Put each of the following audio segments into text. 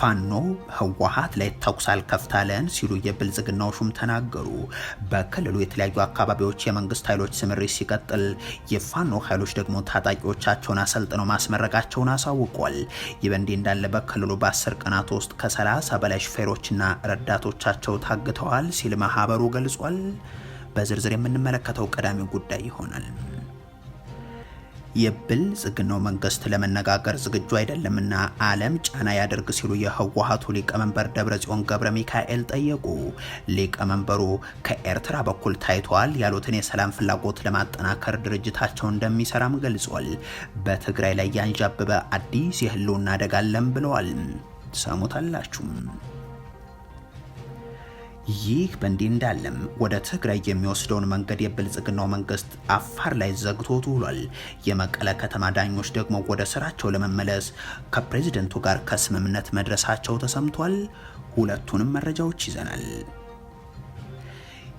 ፋኖ ህወሀት ላይ ተኩስ አልከፍታለን ሲሉ የብልጽግናው ሹም ተናገሩ። በክልሉ የተለያዩ አካባቢዎች የመንግስት ኃይሎች ስምሪት ሲቀጥል፣ የፋኖ ኃይሎች ደግሞ ታጣቂዎቻቸውን አሰልጥነው ማስመረቃቸውን አሳውቋል። ይህ በእንዲህ እንዳለ በክልሉ በአስር ቀናት ውስጥ ከ30 በላይ ሹፌሮችና ረዳቶቻቸው ታግተዋል ሲል ማህበሩ ገልጿል። በዝርዝር የምንመለከተው ቀዳሚ ጉዳይ ይሆናል። የብልጽግናው መንግስት ለመነጋገር ዝግጁ አይደለምና ዓለም ጫና ያደርግ ሲሉ የህወሓቱ ሊቀመንበር ደብረጽዮን ገብረ ሚካኤል ጠየቁ። ሊቀመንበሩ ከኤርትራ በኩል ታይቷል ያሉትን የሰላም ፍላጎት ለማጠናከር ድርጅታቸው እንደሚሰራም ገልጿል። በትግራይ ላይ ያንዣበበ አዲስ የህልውና አደጋለም ብለዋል። ሰሙታላችሁም። ይህ በእንዲህ እንዳለም ወደ ትግራይ የሚወስደውን መንገድ የብልጽግናው መንግስት አፋር ላይ ዘግቶት ውሏል። የመቀለ ከተማ ዳኞች ደግሞ ወደ ስራቸው ለመመለስ ከፕሬዚደንቱ ጋር ከስምምነት መድረሳቸው ተሰምቷል። ሁለቱንም መረጃዎች ይዘናል።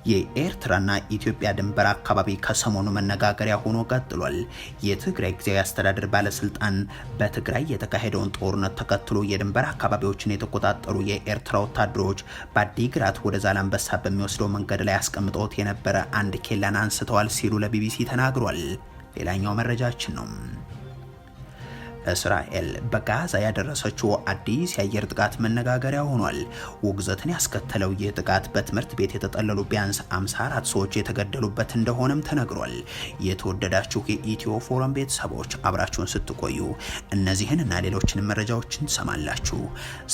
የኤርትራና ኢትዮጵያ ድንበር አካባቢ ከሰሞኑ መነጋገሪያ ሆኖ ቀጥሏል። የትግራይ ጊዜያዊ አስተዳደር ባለስልጣን በትግራይ የተካሄደውን ጦርነት ተከትሎ የድንበር አካባቢዎችን የተቆጣጠሩ የኤርትራ ወታደሮች በአዲግራት ወደ ዛላንበሳ በሚወስደው መንገድ ላይ አስቀምጠውት የነበረ አንድ ኬላን አንስተዋል ሲሉ ለቢቢሲ ተናግሯል። ሌላኛው መረጃችን ነው። እስራኤል በጋዛ ያደረሰችው አዲስ የአየር ጥቃት መነጋገሪያ ሆኗል። ውግዘትን ያስከተለው ይህ ጥቃት በትምህርት ቤት የተጠለሉ ቢያንስ 54 ሰዎች የተገደሉበት እንደሆነም ተነግሯል። የተወደዳችሁ የኢትዮ ፎረም ቤተሰቦች አብራችሁን ስትቆዩ እነዚህን እና ሌሎችን መረጃዎችን ትሰማላችሁ።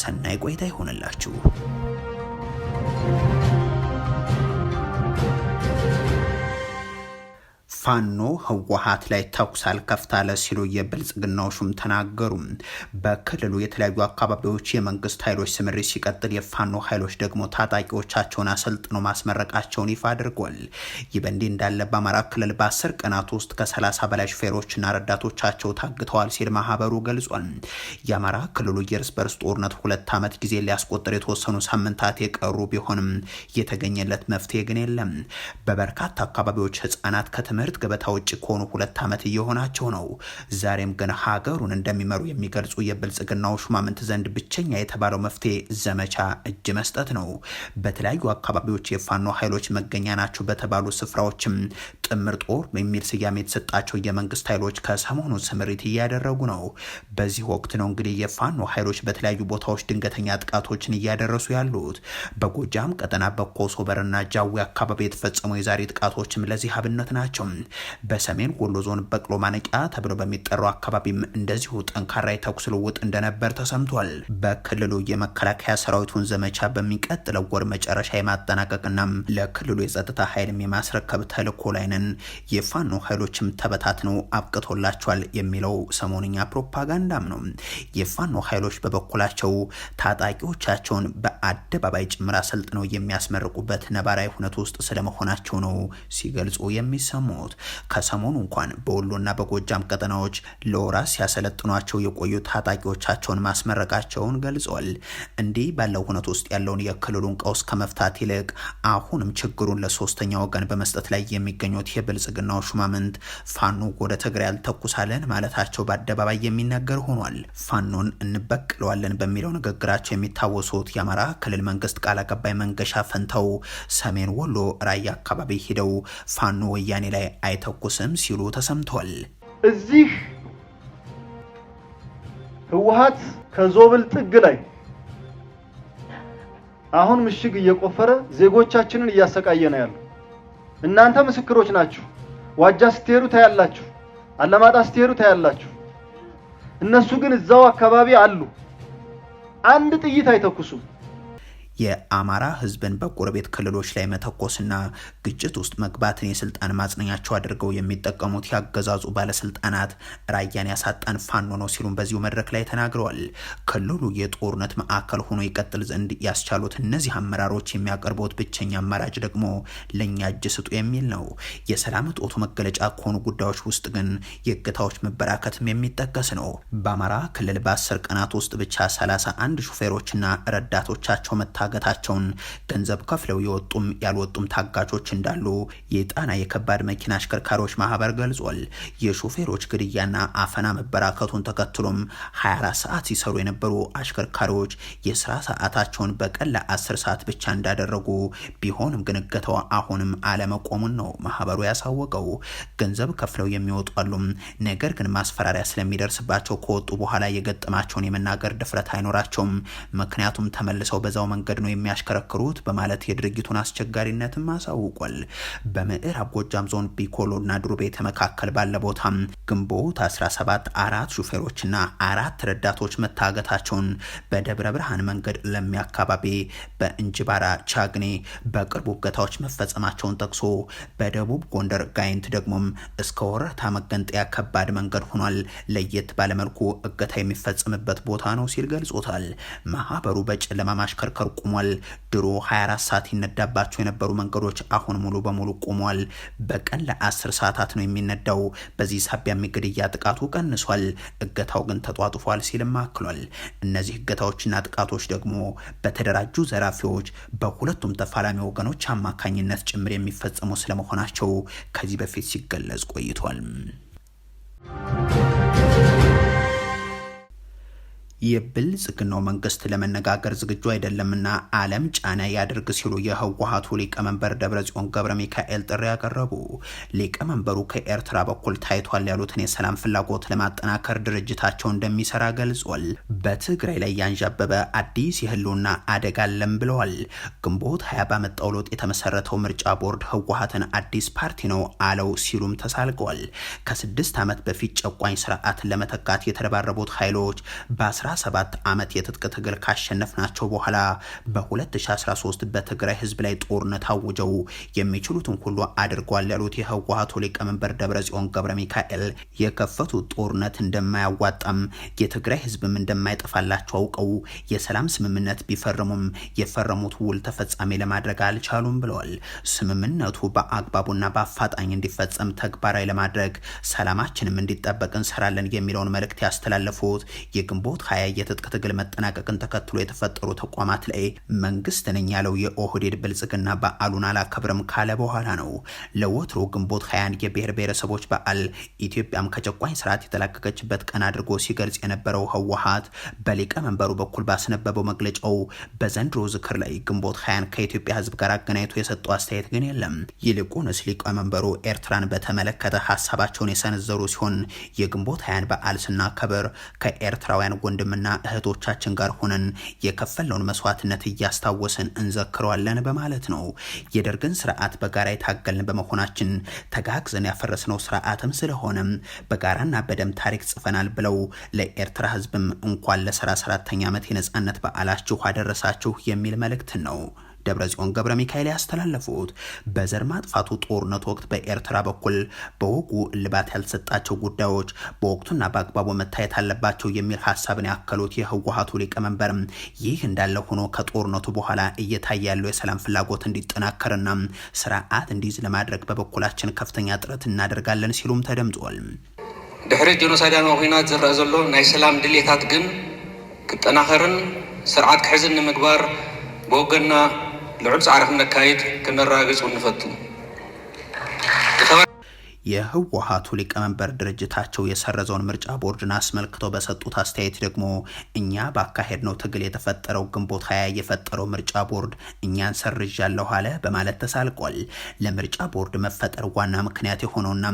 ሰናይ ቆይታ ይሆንላችሁ። ፋኖ ህወሀት ላይ ተኩስ አልከፍታለ ሲሉ የብልጽግናው ሹም ተናገሩ። በክልሉ የተለያዩ አካባቢዎች የመንግስት ኃይሎች ስምሪ ሲቀጥል፣ የፋኖ ኃይሎች ደግሞ ታጣቂዎቻቸውን አሰልጥኖ ማስመረቃቸውን ይፋ አድርጓል። ይህ በእንዲህ እንዳለ በአማራ ክልል በአስር ቀናት ውስጥ ከ30 በላይ ሹፌሮችና ረዳቶቻቸው ታግተዋል ሲል ማህበሩ ገልጿል። የአማራ ክልሉ የእርስ በርስ ጦርነት ሁለት ዓመት ጊዜ ሊያስቆጥር የተወሰኑ ሳምንታት የቀሩ ቢሆንም የተገኘለት መፍትሄ ግን የለም። በበርካታ አካባቢዎች ህጻናት ከትምህርት ከትምህርት ገበታ ውጭ ከሆኑ ሁለት ዓመት እየሆናቸው ነው። ዛሬም ግን ሀገሩን እንደሚመሩ የሚገልጹ የብልጽግናው ሹማምንት ዘንድ ብቸኛ የተባለው መፍትሄ ዘመቻ እጅ መስጠት ነው። በተለያዩ አካባቢዎች የፋኖ ኃይሎች መገኛ ናቸው በተባሉ ስፍራዎችም ጥምር ጦር የሚል ስያሜ የተሰጣቸው የመንግስት ኃይሎች ከሰሞኑ ስምሪት እያደረጉ ነው። በዚህ ወቅት ነው እንግዲህ የፋኖ ኃይሎች በተለያዩ ቦታዎች ድንገተኛ ጥቃቶችን እያደረሱ ያሉት። በጎጃም ቀጠና በኮሶበርና ጃዊ አካባቢ የተፈጸሙ የዛሬ ጥቃቶችም ለዚህ አብነት ናቸው። በሰሜን ወሎ ዞን በቅሎ ማነቂያ ተብሎ በሚጠራው አካባቢም እንደዚሁ ጠንካራ የተኩስ ልውውጥ እንደነበር ተሰምቷል። በክልሉ የመከላከያ ሰራዊቱን ዘመቻ በሚቀጥለው ወር መጨረሻ የማጠናቀቅና ለክልሉ የጸጥታ ኃይልም የማስረከብ ተልዕኮ ላይ ነን፣ የፋኖ ኃይሎችም ተበታትነው አብቅቶላቸዋል የሚለው ሰሞንኛ ፕሮፓጋንዳም ነው። የፋኖ ኃይሎች በበኩላቸው ታጣቂዎቻቸውን በአደባባይ ጭምር አሰልጥነው የሚያስመርቁበት ነባራዊ ሁነት ውስጥ ስለመሆናቸው ነው ሲገልጹ የሚሰሙት። ከሰሞኑ እንኳን በወሎና በጎጃም ቀጠናዎች ለወራ ሲያሰለጥኗቸው የቆዩ ታጣቂዎቻቸውን ማስመረቃቸውን ገልጿል። እንዲህ ባለው ሁነት ውስጥ ያለውን የክልሉን ቀውስ ከመፍታት ይልቅ አሁንም ችግሩን ለሶስተኛ ወገን በመስጠት ላይ የሚገኙት የብልጽግናው ሹማምንት ፋኖ ወደ ትግራይ አልተኩሳለን ማለታቸው በአደባባይ የሚነገር ሆኗል። ፋኖን እንበቅለዋለን በሚለው ንግግራቸው የሚታወሱት የአማራ ክልል መንግስት ቃል አቀባይ መንገሻ ፈንተው ሰሜን ወሎ ራያ አካባቢ ሂደው ፋኖ ወያኔ ላይ አይተኩስም ሲሉ ተሰምቷል። እዚህ ህወሓት ከዞብል ጥግ ላይ አሁን ምሽግ እየቆፈረ ዜጎቻችንን እያሰቃየ ነው ያለው። እናንተ ምስክሮች ናችሁ። ዋጃ ስትሄዱ ታያላችሁ፣ አለማጣ ስትሄዱ ታያላችሁ። እነሱ ግን እዛው አካባቢ አሉ። አንድ ጥይት አይተኩሱም። የአማራ ህዝብን በጎረቤት ክልሎች ላይ መተኮስና ግጭት ውስጥ መግባትን የስልጣን ማጽነኛቸው አድርገው የሚጠቀሙት ያገዛዙ ባለስልጣናት ራያን ያሳጣን ፋኖ ነው ሲሉም በዚሁ መድረክ ላይ ተናግረዋል። ክልሉ የጦርነት ማዕከል ሆኖ ይቀጥል ዘንድ ያስቻሉት እነዚህ አመራሮች የሚያቀርቡት ብቸኛ አማራጭ ደግሞ ለእኛ እጅ ስጡ የሚል ነው። የሰላም እጦቱ መገለጫ ከሆኑ ጉዳዮች ውስጥ ግን የእገታዎች መበራከትም የሚጠቀስ ነው። በአማራ ክልል በአስር ቀናት ውስጥ ብቻ ሰላሳ አንድ ሹፌሮችና ረዳቶቻቸው መታ መታገታቸውን ገንዘብ ከፍለው የወጡም ያልወጡም ታጋቾች እንዳሉ የጣና የከባድ መኪና አሽከርካሪዎች ማህበር ገልጿል። የሾፌሮች ግድያና አፈና መበራከቱን ተከትሎም 24 ሰዓት ሲሰሩ የነበሩ አሽከርካሪዎች የስራ ሰዓታቸውን በቀን ለ10 ሰዓት ብቻ እንዳደረጉ ቢሆንም ግን አሁንም አለመቆሙን ነው ማህበሩ ያሳወቀው። ገንዘብ ከፍለው የሚወጡ አሉ ነገር ግን ማስፈራሪያ ስለሚደርስባቸው ከወጡ በኋላ የገጠማቸውን የመናገር ድፍረት አይኖራቸውም። ምክንያቱም ተመልሰው በዛው መንገድ መንገድ ነው የሚያሽከረክሩት በማለት የድርጊቱን አስቸጋሪነትም አሳውቋል። በምዕራብ ጎጃም ዞን ቢኮሎና ዱርቤት መካከል ባለ ቦታ ግንቦት 17 አራት ሹፌሮችና አራት ረዳቶች መታገታቸውን በደብረ ብርሃን መንገድ ለሚ አካባቢ በእንጅባራ ቻግኔ በቅርቡ እገታዎች መፈጸማቸውን ጠቅሶ በደቡብ ጎንደር ጋይንት ደግሞም እስከ ወረታ መገንጠያ ከባድ መንገድ ሆኗል፣ ለየት ባለመልኩ እገታ የሚፈጸምበት ቦታ ነው ሲል ገልጾታል። ማህበሩ በጨለማ ማሽከርከር ቆሟል። ድሮ 24 ሰዓት ይነዳባቸው የነበሩ መንገዶች አሁን ሙሉ በሙሉ ቆሟል። በቀን ለ10 ሰዓታት ነው የሚነዳው። በዚህ ሳቢያ የግድያ ጥቃቱ ቀንሷል፣ እገታው ግን ተጧጡፏል ሲልም አክሏል። እነዚህ እገታዎችና ጥቃቶች ደግሞ በተደራጁ ዘራፊዎች በሁለቱም ተፋላሚ ወገኖች አማካኝነት ጭምር የሚፈጸሙ ስለመሆናቸው ከዚህ በፊት ሲገለጽ ቆይቷል። የብልጽግናው መንግስት ለመነጋገር ዝግጁ አይደለምና ዓለም ጫና ያድርግ ሲሉ የህወሀቱ ሊቀመንበር ደብረጽዮን ገብረ ሚካኤል ጥሪ ያቀረቡ። ሊቀመንበሩ ከኤርትራ በኩል ታይቷል ያሉትን የሰላም ፍላጎት ለማጠናከር ድርጅታቸው እንደሚሰራ ገልጿል። በትግራይ ላይ ያንዣበበ አዲስ የህልውና አደጋ አለም ብለዋል። ግንቦት ሀያ ባመጣው ለውጥ የተመሰረተው ምርጫ ቦርድ ህወሀትን አዲስ ፓርቲ ነው አለው ሲሉም ተሳልገዋል። ከስድስት ዓመት በፊት ጨቋኝ ስርዓትን ለመተካት የተረባረቡት ኃይሎች በ 17 ዓመት የትጥቅ ትግል ካሸነፍናቸው በኋላ በ2013 በትግራይ ህዝብ ላይ ጦርነት አውጀው የሚችሉትን ሁሉ አድርጓል ያሉት የህወሀቱ ሊቀመንበር ደብረጽዮን ገብረ ሚካኤል የከፈቱት ጦርነት እንደማያዋጣም የትግራይ ህዝብም እንደማይጠፋላቸው አውቀው የሰላም ስምምነት ቢፈርሙም የፈረሙት ውል ተፈጻሚ ለማድረግ አልቻሉም ብለዋል። ስምምነቱ በአግባቡና በአፋጣኝ እንዲፈጸም ተግባራዊ ለማድረግ ሰላማችንም እንዲጠበቅ እንሰራለን የሚለውን መልእክት ያስተላለፉት የግንቦት ሀያ የትጥቅ ትግል መጠናቀቅን ተከትሎ የተፈጠሩ ተቋማት ላይ መንግስት ነኝ ያለው የኦህዴድ ብልጽግና በዓሉን አላከብርም ካለ በኋላ ነው ለወትሮ ግንቦት 21 የብሔር ብሔረሰቦች በዓል ኢትዮጵያም ከጨቋኝ ስርዓት የተላቀቀችበት ቀን አድርጎ ሲገልጽ የነበረው ህወሀት በሊቀመንበሩ በኩል ባስነበበው መግለጫው በዘንድሮ ዝክር ላይ ግንቦት ሀያን ከኢትዮጵያ ህዝብ ጋር አገናኝቶ የሰጠው አስተያየት ግን የለም። ይልቁንስ ሊቀመንበሩ ኤርትራን በተመለከተ ሀሳባቸውን የሰነዘሩ ሲሆን የግንቦት ሀያን በዓል ስናከብር ከኤርትራውያን ወንድ ወንድምና እህቶቻችን ጋር ሆነን የከፈለውን መስዋዕትነት እያስታወስን እንዘክረዋለን በማለት ነው። የደርግን ስርዓት በጋራ የታገልን በመሆናችን ተጋግዘን ያፈረስነው ስርዓትም ስለሆነም በጋራና በደም ታሪክ ጽፈናል ብለው ለኤርትራ ህዝብም እንኳን ለ34ተኛ ዓመት የነጻነት በዓላችሁ አደረሳችሁ የሚል መልእክትን ነው ደብረጽዮን ገብረ ሚካኤል ያስተላለፉት በዘር ማጥፋቱ ጦርነት ወቅት በኤርትራ በኩል በወጉ እልባት ያልተሰጣቸው ጉዳዮች በወቅቱና በአግባቡ መታየት አለባቸው የሚል ሀሳብን ያከሉት የህወሀቱ ሊቀመንበር ይህ እንዳለ ሆኖ ከጦርነቱ በኋላ እየታየ ያለው የሰላም ፍላጎት እንዲጠናከርና ስርዓት እንዲይዝ ለማድረግ በበኩላችን ከፍተኛ ጥረት እናደርጋለን ሲሉም ተደምጧል። ድሕሪ ጀኖሳይዳዊ ኩናት ዝረአ ዘሎ ናይ ሰላም ድሌታት ግን ክጠናኸርን ስርዓት ክሕዝን ንምግባር ብወገና ልዑል ፃዕሪ ክነካይድ ክነራግፅ ንፈቱ የህወሀቱ ሊቀመንበር ድርጅታቸው የሰረዘውን ምርጫ ቦርድን አስመልክተው በሰጡት አስተያየት ደግሞ እኛ ባካሄድ ነው ትግል የተፈጠረው ግንቦት ሀያ የፈጠረው ምርጫ ቦርድ እኛን ሰርዣለሁ አለ በማለት ተሳልቋል። ለምርጫ ቦርድ መፈጠር ዋና ምክንያት የሆነውና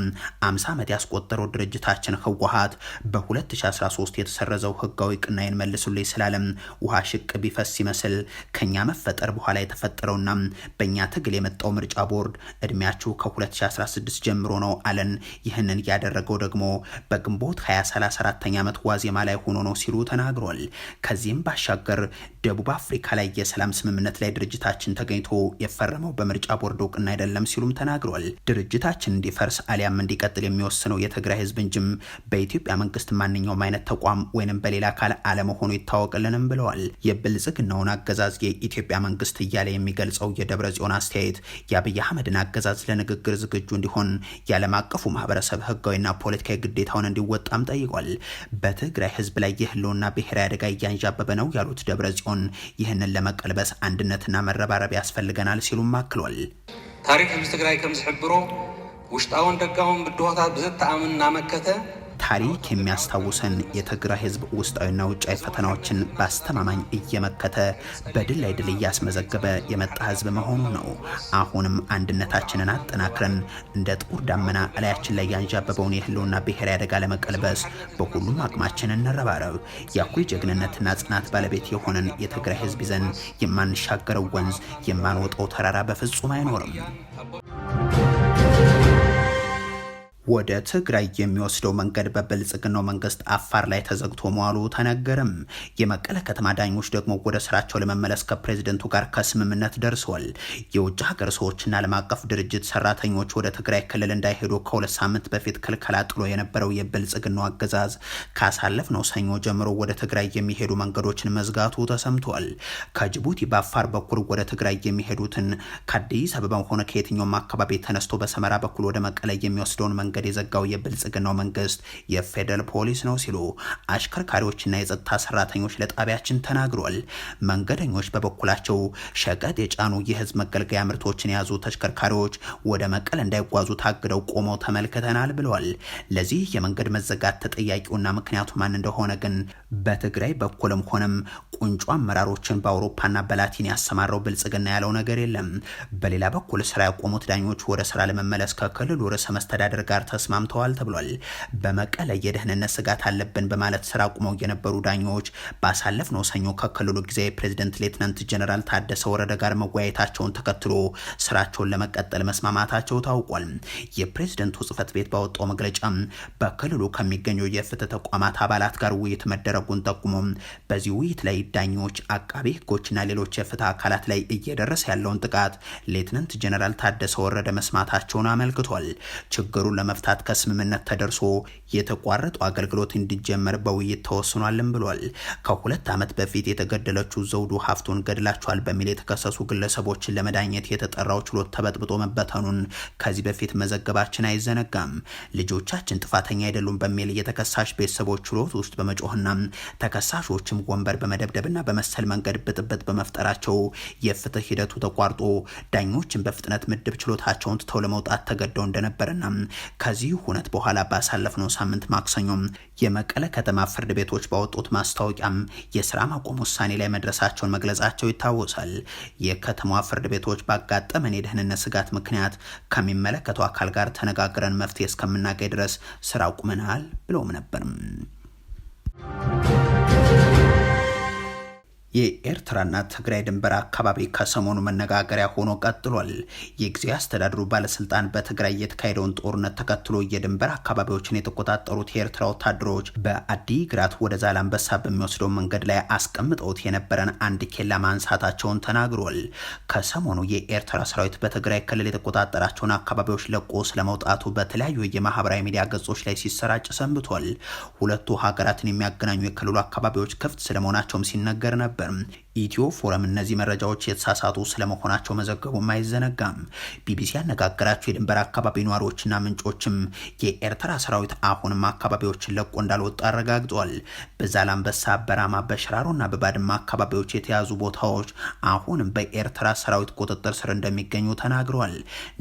አምሳ ዓመት ያስቆጠረው ድርጅታችን ህወሀት በ2013 የተሰረዘው ህጋዊ ቅናይን መልሱልኝ ስላለም ውሃ ሽቅ ቢፈስ ሲመስል ከኛ መፈጠር በኋላ የተፈጠረውና በእኛ ትግል የመጣው ምርጫ ቦርድ እድሜያችሁ ከ2016 ጀምሮ ነው አለን። ይህንን ያደረገው ደግሞ በግንቦት 2034ኛ ዓመት ዋዜማ ላይ ሆኖ ነው ሲሉ ተናግሯል። ከዚህም ባሻገር ደቡብ አፍሪካ ላይ የሰላም ስምምነት ላይ ድርጅታችን ተገኝቶ የፈረመው በምርጫ ቦርድ እውቅና አይደለም ሲሉም ተናግሯል። ድርጅታችን እንዲፈርስ አሊያም እንዲቀጥል የሚወስነው የትግራይ ህዝብ እንጂም በኢትዮጵያ መንግስት ማንኛውም አይነት ተቋም ወይንም በሌላ አካል አለመሆኑ ይታወቅልንም ብለዋል። የብልጽግናውን አገዛዝ የኢትዮጵያ መንግስት እያለ የሚገልጸው የደብረ ጽዮን አስተያየት የአብይ አህመድን አገዛዝ ለንግግር ዝግጁ እንዲሆን ያለ ዓለም አቀፉ ማህበረሰብ ህጋዊና ፖለቲካዊ ግዴታውን እንዲወጣም ጠይቋል። በትግራይ ህዝብ ላይ የህልውና ብሔራዊ አደጋ እያንዣበበ ነው ያሉት ደብረ ጽዮን ይህንን ለመቀልበስ አንድነትና መረባረብ ያስፈልገናል ሲሉም አክሏል። ታሪክ ህዝብ ትግራይ ከምዝሕብሮ ውሽጣውን ደጋውን ብድሆታት ብዘተኣምን እናመከተ ታሪክ የሚያስታውሰን የትግራይ ህዝብ ውስጣዊና ውጫዊ ፈተናዎችን በአስተማማኝ እየመከተ በድል ላይ ድል እያስመዘገበ የመጣ ህዝብ መሆኑ ነው። አሁንም አንድነታችንን አጠናክረን እንደ ጥቁር ዳመና እላያችን ላይ ያንዣበበውን የህልውና ብሔራዊ አደጋ ለመቀልበስ በሁሉም አቅማችን እንረባረብ። የአኩሪ ጀግንነትና ጽናት ባለቤት የሆነን የትግራይ ህዝብ ይዘን የማንሻገረው ወንዝ የማንወጣው ተራራ በፍጹም አይኖርም። ወደ ትግራይ የሚወስደው መንገድ በብልጽግናው መንግስት አፋር ላይ ተዘግቶ መዋሉ ተነገርም። የመቀለ ከተማ ዳኞች ደግሞ ወደ ስራቸው ለመመለስ ከፕሬዝደንቱ ጋር ከስምምነት ደርሰዋል። የውጭ ሀገር ሰዎችና ዓለም አቀፍ ድርጅት ሰራተኞች ወደ ትግራይ ክልል እንዳይሄዱ ከሁለት ሳምንት በፊት ክልከላ ጥሎ የነበረው የብልጽግናው አገዛዝ ካሳለፍነው ሰኞ ጀምሮ ወደ ትግራይ የሚሄዱ መንገዶችን መዝጋቱ ተሰምቷል። ከጅቡቲ በአፋር በኩል ወደ ትግራይ የሚሄዱትን ከአዲስ አበባ ሆነ ከየትኛውም አካባቢ ተነስቶ በሰመራ በኩል ወደ መቀለ የሚወስደውን መንገድ የዘጋው የብልጽግናው መንግስት የፌደራል ፖሊስ ነው ሲሉ አሽከርካሪዎችና የጸጥታ ሰራተኞች ለጣቢያችን ተናግሯል። መንገደኞች በበኩላቸው ሸቀጥ የጫኑ የህዝብ መገልገያ ምርቶችን የያዙ ተሽከርካሪዎች ወደ መቀለ እንዳይጓዙ ታግደው ቆመው ተመልክተናል ብለዋል። ለዚህ የመንገድ መዘጋት ተጠያቂውና ምክንያቱ ማን እንደሆነ ግን በትግራይ በኩልም ሆነም ቁንጮ አመራሮችን በአውሮፓና በላቲን ያሰማረው ብልጽግና ያለው ነገር የለም። በሌላ በኩል ስራ ያቆሙት ዳኞች ወደ ስራ ለመመለስ ከክልሉ ርዕሰ መስተዳደር ጋር ተስማምተዋል ተብሏል። በመቀለ የደህንነት ስጋት አለብን በማለት ስራ አቁመው የነበሩ ዳኞች ባሳለፍነው ሰኞ ከክልሉ ጊዜያዊ ፕሬዚደንት ሌትናንት ጀነራል ታደሰ ወረደ ጋር መወያየታቸውን ተከትሎ ስራቸውን ለመቀጠል መስማማታቸው ታውቋል። የፕሬዝደንቱ ጽህፈት ቤት ባወጣው መግለጫ በክልሉ ከሚገኙ የፍትህ ተቋማት አባላት ጋር ውይይት መደረጉን ጠቁሞ በዚህ ውይይት ላይ ዳኞች፣ አቃቤ ህጎችና ሌሎች የፍትህ አካላት ላይ እየደረሰ ያለውን ጥቃት ሌትናንት ጀነራል ታደሰ ወረደ መስማታቸውን አመልክቷል። ችግሩን ለመፍታት ከስምምነት ተደርሶ የተቋረጡ አገልግሎት እንዲጀመር በውይይት ተወስኗልም ብሏል። ከሁለት ዓመት በፊት የተገደለችው ዘውዱ ሀፍቱን ገድላቸዋል በሚል የተከሰሱ ግለሰቦችን ለመዳኘት የተጠራው ችሎት ተበጥብጦ መበተኑን ከዚህ በፊት መዘገባችን አይዘነጋም። ልጆቻችን ጥፋተኛ አይደሉም በሚል የተከሳሽ ቤተሰቦች ችሎት ውስጥ በመጮህና ተከሳሾችም ወንበር በመደብደብና በመሰል መንገድ ብጥብጥ በመፍጠራቸው የፍትህ ሂደቱ ተቋርጦ ዳኞችን በፍጥነት ምድብ ችሎታቸውን ትተው ለመውጣት ተገደው እንደነበርና ከዚህ ሁነት በኋላ ባሳለፍነው ሳምንት ማክሰኞም የመቀለ ከተማ ፍርድ ቤቶች ባወጡት ማስታወቂያም የስራ ማቆም ውሳኔ ላይ መድረሳቸውን መግለጻቸው ይታወሳል። የከተማዋ ፍርድ ቤቶች ባጋጠመን የደህንነት ስጋት ምክንያት ከሚመለከተው አካል ጋር ተነጋግረን መፍትሄ እስከምናገኝ ድረስ ስራ አቁመናል ብለውም ነበርም። የኤርትራና ትግራይ ድንበር አካባቢ ከሰሞኑ መነጋገሪያ ሆኖ ቀጥሏል። የጊዜያዊ አስተዳደሩ ባለስልጣን በትግራይ የተካሄደውን ጦርነት ተከትሎ የድንበር አካባቢዎችን የተቆጣጠሩት የኤርትራ ወታደሮች በአዲግራት ወደ ዛላንበሳ በሚወስደው መንገድ ላይ አስቀምጠውት የነበረን አንድ ኬላ ማንሳታቸውን ተናግሯል። ከሰሞኑ የኤርትራ ሰራዊት በትግራይ ክልል የተቆጣጠራቸውን አካባቢዎች ለቆ ስለመውጣቱ በተለያዩ የማህበራዊ ሚዲያ ገጾች ላይ ሲሰራጭ ሰንብቷል። ሁለቱ ሀገራትን የሚያገናኙ የክልሉ አካባቢዎች ክፍት ስለመሆናቸውም ሲነገር ነበር። them. ኢትዮ ፎረም እነዚህ መረጃዎች የተሳሳቱ ስለመሆናቸው መዘገቡም አይዘነጋም። ቢቢሲ ያነጋገራቸው የድንበር አካባቢ ነዋሪዎችና ምንጮችም የኤርትራ ሰራዊት አሁንም አካባቢዎችን ለቆ እንዳልወጡ አረጋግጧል። በዛላምበሳ፣ በራማ፣ በሽራሮና በባድማ አካባቢዎች የተያዙ ቦታዎች አሁንም በኤርትራ ሰራዊት ቁጥጥር ስር እንደሚገኙ ተናግረዋል።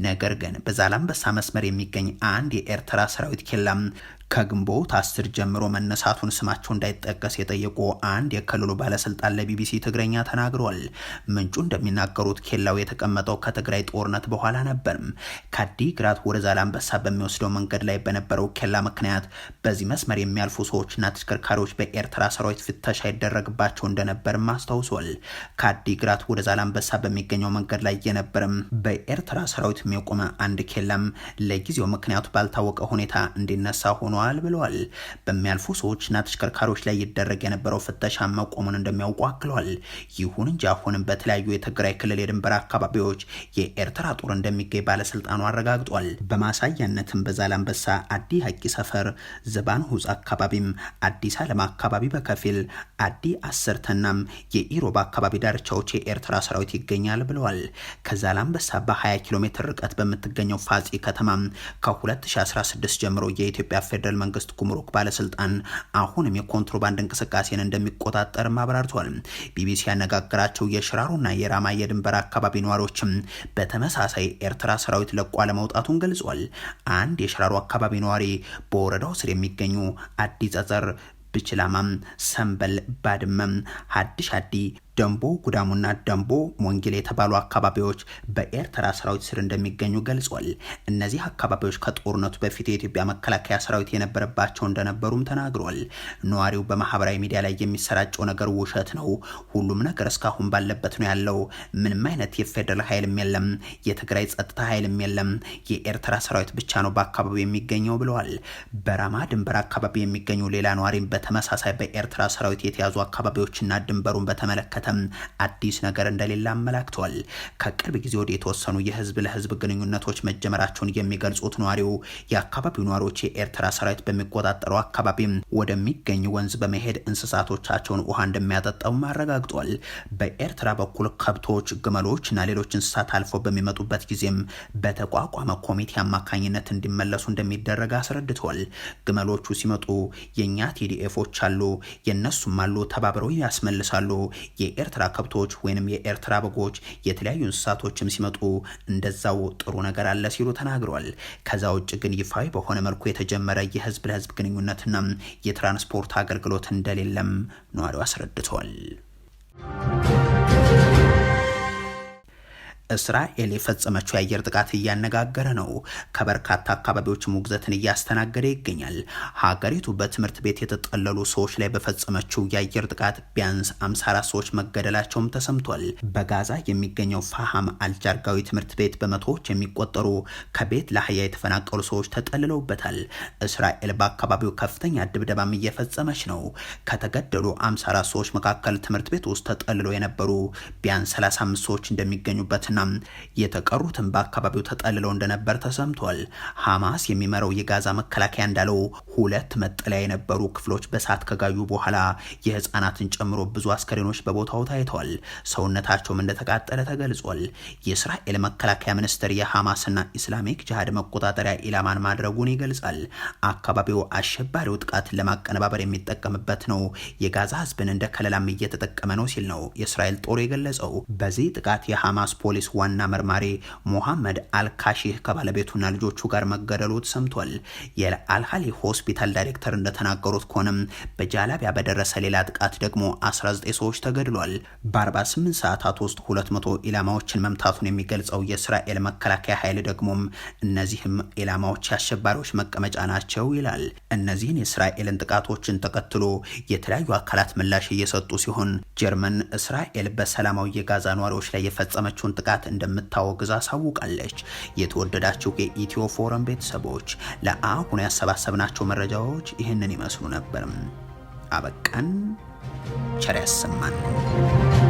ነገር ግን በዛላምበሳ መስመር የሚገኝ አንድ የኤርትራ ሰራዊት ኬላም ከግንቦት አስር ጀምሮ መነሳቱን ስማቸው እንዳይጠቀስ የጠየቁ አንድ የክልሉ ባለስልጣን ለቢቢሲ ትግራይ ለትግረኛ ተናግሯል። ምንጩ እንደሚናገሩት ኬላው የተቀመጠው ከትግራይ ጦርነት በኋላ ነበርም። ከአዲግራት ወደ ዛላምበሳ በሚወስደው መንገድ ላይ በነበረው ኬላ ምክንያት በዚህ መስመር የሚያልፉ ሰዎችና ተሽከርካሪዎች በኤርትራ ሰራዊት ፍተሻ ይደረግባቸው እንደነበርም አስታውሷል። ከአዲግራት ወደ ዛላምበሳ በሚገኘው መንገድ ላይ የነበረም በኤርትራ ሰራዊት የሚቆመ አንድ ኬላም ለጊዜው ምክንያቱ ባልታወቀ ሁኔታ እንዲነሳ ሆኗል ብለዋል። በሚያልፉ ሰዎችና ተሽከርካሪዎች ላይ ይደረግ የነበረው ፍተሻ መቆሙን እንደሚያውቁ አክለዋል። ይሁን እንጂ አሁንም በተለያዩ የትግራይ ክልል የድንበር አካባቢዎች የኤርትራ ጦር እንደሚገኝ ባለስልጣኑ አረጋግጧል። በማሳያነትም በዛላንበሳ አዲ ሀቂ ሰፈር፣ ዘባን ሁፅ አካባቢም፣ አዲስ አለማ አካባቢ በከፊል አዲ አስርተናም የኢሮብ አካባቢ ዳርቻዎች የኤርትራ ሰራዊት ይገኛል ብለዋል። ከዛላንበሳ በ20 ኪሎ ሜትር ርቀት በምትገኘው ፋጺ ከተማ ከ2016 ጀምሮ የኢትዮጵያ ፌዴራል መንግስት ጉምሩክ ባለስልጣን አሁንም የኮንትሮባንድ እንቅስቃሴን እንደሚቆጣጠርም አብራርቷል። ቢቢሲ ሲያነጋግራቸው የሽራሮና የራማ የድንበር አካባቢ ነዋሪዎችም በተመሳሳይ ኤርትራ ሰራዊት ለቆ አለመውጣቱን ገልጿል። አንድ የሽራሮ አካባቢ ነዋሪ በወረዳው ስር የሚገኙ አዲ ጸጸር፣ ብችላማም፣ ሰንበል፣ ባድመም፣ ሀዲሽ አዲ ደንቦ ጉዳሙና ደንቦ ሞንጌል የተባሉ አካባቢዎች በኤርትራ ሰራዊት ስር እንደሚገኙ ገልጿል። እነዚህ አካባቢዎች ከጦርነቱ በፊት የኢትዮጵያ መከላከያ ሰራዊት የነበረባቸው እንደነበሩም ተናግሯል። ነዋሪው በማህበራዊ ሚዲያ ላይ የሚሰራጨው ነገር ውሸት ነው፣ ሁሉም ነገር እስካሁን ባለበት ነው ያለው። ምንም አይነት የፌደራል ኃይልም የለም፣ የትግራይ ጸጥታ ኃይልም የለም፣ የኤርትራ ሰራዊት ብቻ ነው በአካባቢው የሚገኘው ብለዋል። በራማ ድንበር አካባቢ የሚገኙ ሌላ ነዋሪም በተመሳሳይ በኤርትራ ሰራዊት የተያዙ አካባቢዎችና ድንበሩን በተመለከተ በተመለከተም አዲስ ነገር እንደሌለ አመላክቷል። ከቅርብ ጊዜ ወደ የተወሰኑ የህዝብ ለህዝብ ግንኙነቶች መጀመራቸውን የሚገልጹት ነዋሪው የአካባቢው ነዋሪዎች የኤርትራ ሰራዊት በሚቆጣጠረው አካባቢ ወደሚገኝ ወንዝ በመሄድ እንስሳቶቻቸውን ውሃ እንደሚያጠጣው አረጋግጧል። በኤርትራ በኩል ከብቶች፣ ግመሎች እና ሌሎች እንስሳት አልፎ በሚመጡበት ጊዜም በተቋቋመ ኮሚቴ አማካኝነት እንዲመለሱ እንደሚደረግ አስረድቷል። ግመሎቹ ሲመጡ የእኛ ቲዲኤፎች አሉ፣ የእነሱም አሉ፣ ተባብረው ያስመልሳሉ። የኤርትራ ከብቶች ወይንም የኤርትራ በጎች፣ የተለያዩ እንስሳቶችም ሲመጡ እንደዛው ጥሩ ነገር አለ ሲሉ ተናግሯል ከዛ ውጭ ግን ይፋዊ በሆነ መልኩ የተጀመረ የህዝብ ለህዝብ ግንኙነትና የትራንስፖርት አገልግሎት እንደሌለም ነዋሪው አስረድተዋል። እስራኤል የፈጸመችው የአየር ጥቃት እያነጋገረ ነው። ከበርካታ አካባቢዎች ውግዘትን እያስተናገደ ይገኛል። ሀገሪቱ በትምህርት ቤት የተጠለሉ ሰዎች ላይ በፈጸመችው የአየር ጥቃት ቢያንስ 54 ሰዎች መገደላቸውም ተሰምቷል። በጋዛ የሚገኘው ፋሃም አልጃርጋዊ ትምህርት ቤት በመቶዎች የሚቆጠሩ ከቤት ለአህያ የተፈናቀሉ ሰዎች ተጠልለውበታል። እስራኤል በአካባቢው ከፍተኛ ድብደባም እየፈጸመች ነው። ከተገደሉ 54 ሰዎች መካከል ትምህርት ቤት ውስጥ ተጠልለው የነበሩ ቢያንስ 35 ሰዎች እንደሚገኙበትና የተቀሩትም በአካባቢው ተጠልለው እንደነበር ተሰምቷል። ሐማስ የሚመራው የጋዛ መከላከያ እንዳለው ሁለት መጠለያ የነበሩ ክፍሎች በሰዓት ከጋዩ በኋላ የህፃናትን ጨምሮ ብዙ አስከሬኖች በቦታው ታይተዋል። ሰውነታቸውም እንደተቃጠለ ተገልጿል። የእስራኤል መከላከያ ሚኒስትር የሐማስና ኢስላሚክ ጅሃድ መቆጣጠሪያ ኢላማን ማድረጉን ይገልጻል። አካባቢው አሸባሪው ጥቃትን ለማቀነባበር የሚጠቀምበት ነው፣ የጋዛ ህዝብን እንደ ከለላም እየተጠቀመ ነው ሲል ነው የእስራኤል ጦር የገለጸው። በዚህ ጥቃት የሐማስ ፖሊስ ፖሊስ ዋና መርማሪ ሞሐመድ አልካሺህ ከባለቤቱና ልጆቹ ጋር መገደሉ ተሰምቷል። የአልሃሊ ሆስፒታል ዳይሬክተር እንደተናገሩት ከሆነም በጃላቢያ በደረሰ ሌላ ጥቃት ደግሞ 19 ሰዎች ተገድሏል። በ48 ሰዓታት ውስጥ 200 ኢላማዎችን መምታቱን የሚገልጸው የእስራኤል መከላከያ ኃይል ደግሞም እነዚህም ኢላማዎች የአሸባሪዎች መቀመጫ ናቸው ይላል። እነዚህን የእስራኤልን ጥቃቶችን ተከትሎ የተለያዩ አካላት ምላሽ እየሰጡ ሲሆን ጀርመን እስራኤል በሰላማዊ የጋዛ ነዋሪዎች ላይ የፈጸመችውን ጥቃት ጥቃት እንደምታወግዝ አሳውቃለች። የተወደዳችሁ የኢትዮ ፎረም ቤተሰቦች ለአሁን ያሰባሰብናቸው መረጃዎች ይህንን ይመስሉ ነበር። አበቃን። ቸር ያሰማን።